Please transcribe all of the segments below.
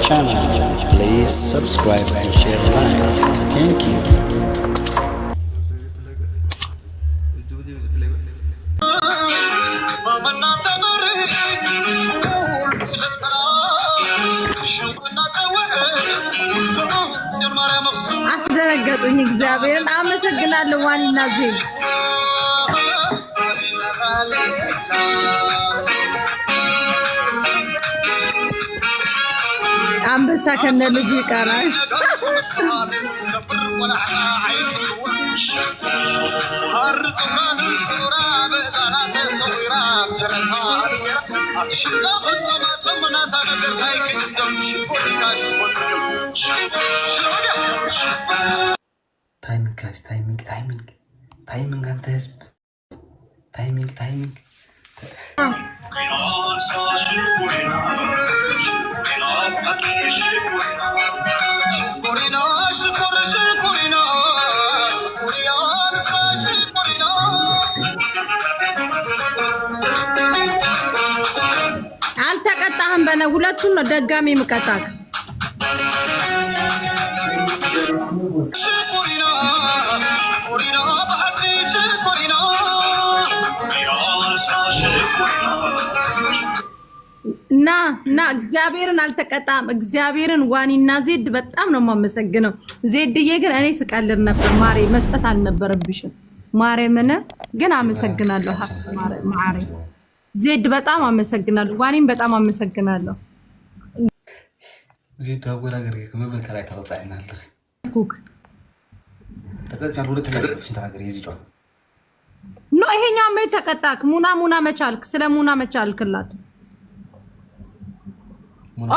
channel. Please subscribe and share like. Thank you. አስደነገጡኝ። እግዚአብሔርን አመሰግናለሁ ዋና ዜ እንስሳ ከነ ልጁ ይቀራል። ታይሚንግ ጋይስ ታይሚንግ ታይሚንግ ታይሚንግ አንተ ህዝብ ታይሚንግ ታይሚንግ በነ ሁለቱን ነው ደጋሚ ምቀጣቅ ና ና እግዚአብሔርን አልተቀጣም። እግዚአብሔርን ዋኒና ዜድ በጣም ነው የማመሰግነው። ዜድዬ ግን እኔ ስቀልር ነበር ማሬ፣ መስጠት አልነበረብሽም ማሬ። ምን ግን አመሰግናለሁ ማሬ ዜድ በጣም አመሰግናለሁ። ዋኔም በጣም አመሰግናለሁ። ዜድ አወዳገር መብል ከላይ ተቀጻይናለህ ኖ ይሄኛ ሜት ተቀጣክ ሙና ሙና መቻልክ ስለ ሙና መቻልክላት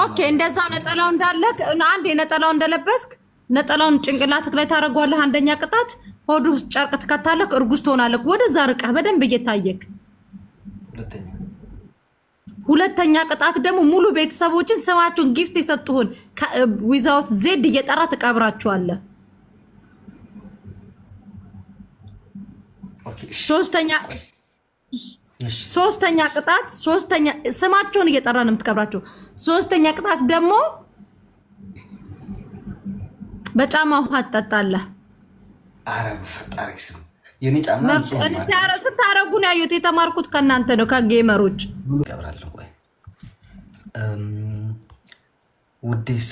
ኦኬ፣ እንደዛው ነጠላው እንዳለ አንድ የነጠላው እንደለበስክ ነጠላውን ጭንቅላትክ ላይ ታደርገዋለህ። አንደኛ ቅጣት ሆድ ውስጥ ጨርቅ ትከታለህ፣ እርጉዝ ትሆናለህ። ወደዛ ርቀህ በደንብ እየታየክ ሁለተኛ ሁለተኛ ቅጣት ደግሞ ሙሉ ቤተሰቦችን ስማችሁን ጊፍት የሰጡሁን ዊዛውት ዜድ እየጠራ ትቀብራችኋለህ። ሶስተኛ ሶስተኛ ቅጣት ሶስተኛ ስማቸውን እየጠራ ነው የምትቀብራቸው። ሶስተኛ ቅጣት ደግሞ በጫማ ውሃ ትጠጣለህ። ኧረ በፈጣሪ ስም የኔ ጫማ ስታረጉ ነው የተማርኩት ከእናንተ ነው ከጌመሮች። እቀብራለሁ። ውዴሳ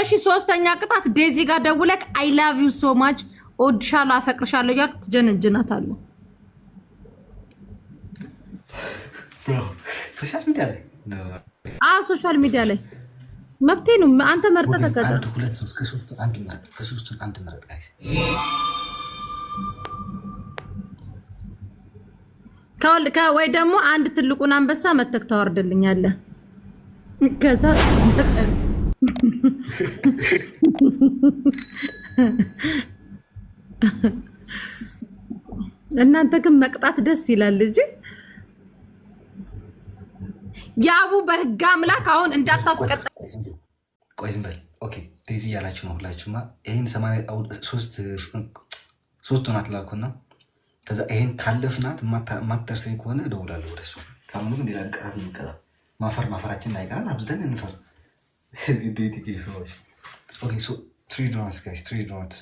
እሺ፣ ሶስተኛ ቅጣት ዴዚ ጋር ደውለክ አይ ላቭ ዩ ሶ ማች እወድሻለሁ፣ አፈቅርሻለሁ እያልክ ትጀነጅናታለህ። ሶሻል ሚዲያ ላይ አዎ፣ ሶሻል ሚዲያ ላይ መብቴ ነው። አንተ መርጠህ ተቀጠር። ሁለት ሶስት ከሶስቱን አንድ ምረጥ። ከሶስቱን አንድ ምረጥ። ወይ ደግሞ አንድ ትልቁን አንበሳ መተክ ታወርድልኛለ። ከዛ እናንተ ግን መቅጣት ደስ ይላል እንጂ ያቡ በህግ አምላክ አሁን እንዳታስቀጣ። ቆይ ዝም በል ዴዚ እያላችሁ ነው ሁላችሁማ። ይህን ሰማንያ ሶስት ሶስት ሆናት ላኩና ከዛ ይሄን ካለፍናት ማተርሰኝ ከሆነ እደውላለሁ ወደሱ ግን ሌላ ንቀራት የሚቀጣ ማፈር ማፈራችን አይቀራል። አብዝተን እንፈር ሰዎች ትሪ ዶናት ጋይስ ትሪ ዶናት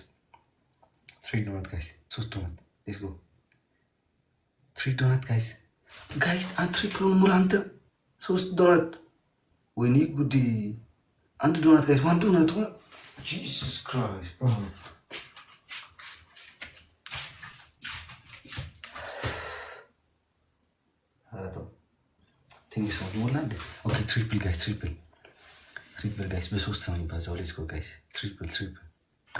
ትሪ ዶናት ጋይስ ሶስት ዶናት ሌስ ጎ ትሪ ዶናት ጋይስ ጋይስ አትሪ ክሎን አንተ ሶስት ዶናት ወይኔ ጉዲ አንድ ዶናት ጋይስ ዋን ዶናት ጂሰስ ክራይስት ኦኬ ትሪፕል ጋይስ ትሪፕል ትሪፕል ጋይስ በሶስት ነው የሚባዛው። ሌትስ ጎ ጋይስ ትሪፕል ትሪፕል።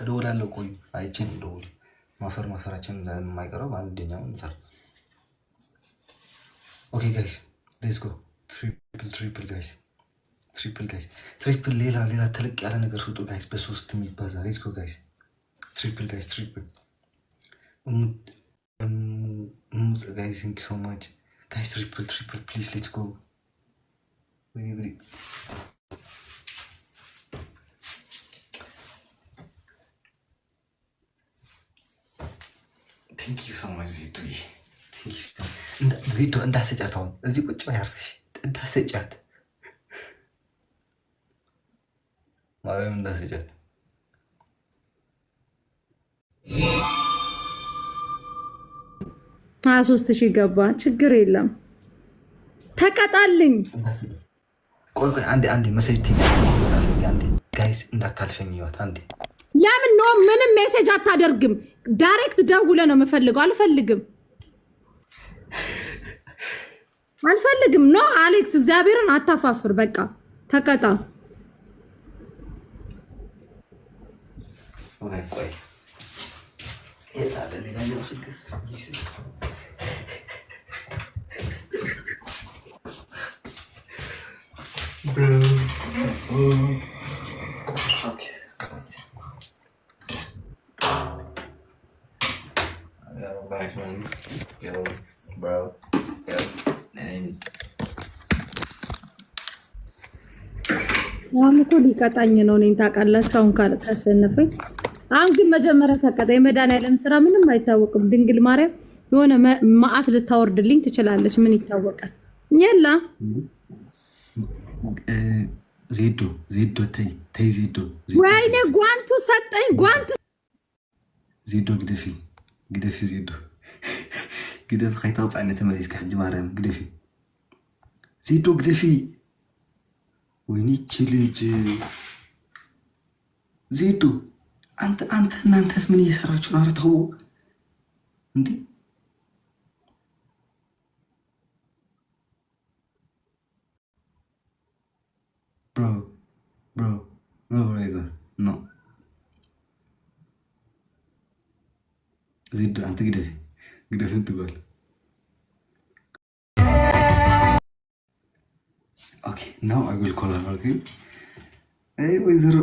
እደውላለሁ። ቆይ አይቼን ደውል። ማፈር ማፈራችን የማይቀረው አንደኛው እንፈር። ኦኬ ጋይስ ሌትስ ጎ ትሪፕል ትሪፕል ጋይስ ትሪፕል ጋይስ ትሪፕል። ሌላ ሌላ ተለቅ ያለ ነገር ስጡ ጋይስ፣ በሶስት የሚባዛ ሌትስ ጎ ጋይስ ትሪፕል ጋይስ ትሪፕል ጋይስ። ቴንክ ሶ ማች Guys, triple, triple, please, let's go. Very, very. Thank you so much, Zito. Thank you Zito, and that's it at all. you put my heart, that's it at I'm not a ሀያ ሶስት ሺህ ገባ፣ ችግር የለም ተቀጣልኝ። ጋይስ እንዳታልፈኝ ይወት አንዴ ለምን ኖ ምንም ሜሴጅ አታደርግም? ዳይሬክት ደውለ ነው የምፈልገው። አልፈልግም አልፈልግም። ኖ አሌክስ እግዚአብሔርን አታፋፍር። በቃ ተቀጣ። ቆይ አሁን እኮ ሊቀጣኝ ነው። እኔን ታውቃላችሁ። አሁን ካላሸነፈኝ አሁን ግን መጀመሪያ ተቀጣ። የመድኃኒዓለም ስራ ምንም አይታወቅም። ድንግል ማርያም የሆነ መዓት ልታወርድልኝ ትችላለች። ምን ይታወቃል የላ ዜዶ ዜዶ ተይ ተይ ዜዶ ወይኔ ጓንቱ ሰጠኝ ጓንት ዜዶ ግደፊ ግደፊ ዜዶ ግደፊ ከይተቕፃዕኒ ተመሊስካ ሕጂ ማርያም ግደፊ ዜዶ ግደፊ ወይኒ ችልጅ ዜዶ አንተ አንተ እናንተስ ምን እየሰራችሁ ነው? አረ ተው እንዴ Bro, bro, no river, no. ዜድ አንተ ግደፍ ግደፍን ትበል። ኦኬ ናው አይ ዊል ኮል አር ኦኬ። አይ ወይዘሮ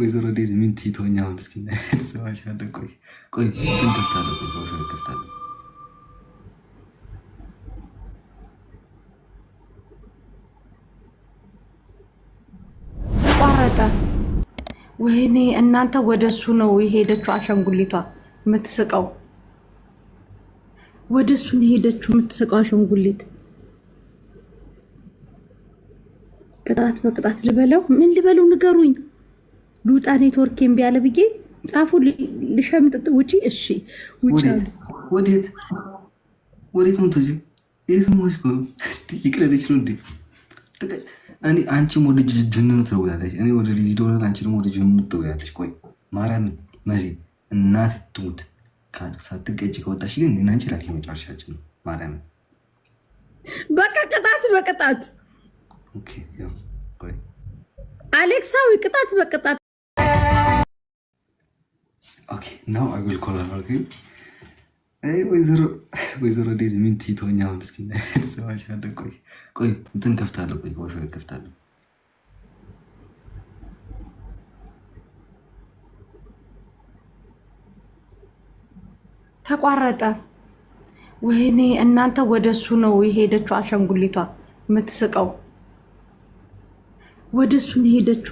ወይዘሮ ዴዝ ምን ትይቶኛውን እስኪ ሰማሽ አለ። ቆይ ቆይ፣ ከፍታለሁ ከፍታለሁ ይመጣል። ወይኔ እናንተ ወደ እሱ ነው የሄደችው። አሻንጉሊቷ የምትስቀው ወደ እሱ ነው የሄደችው የምትስቀው አሻንጉሊት። ቅጣት በቅጣት ልበለው ምን ልበለው ንገሩኝ። ልውጣ ኔትወርክ እምቢ አለ ብዬ ጻፉ ልሸምጥጥ ውጪ። እሺ ወዴት ወዴት ነው እኔ አንቺም ወደ ጅንኑ ትደውላለች። እኔ ወደ ዲዚ ደውላለች። አንቺ ደግሞ ወደ ጅንኑ ትደውላለች። ቆይ ማርያም መሲ እናት ትሙት ሳትቀጭ ከወጣሽ ግን እኔና አንቺ ላኪ መጨረሻችን ነው። ማርያም በቃ ቅጣት በቅጣት አሌክሳዊ ቅጣት በቅጣት ኦኬ ናው አግል ኮላ ወይዘሮ ዴዚ ምን ትተውኛ? አሁን እስኪ ሰማሽ ቆይ ቆይ እንትን ከፍታለሁ። ቆይ ዋሾ ከፍታለሁ። ተቋረጠ። ወይኔ እናንተ ወደ እሱ ነው የሄደችው። አሻንጉሊቷ የምትስቀው ወደ እሱ ነው የሄደችው።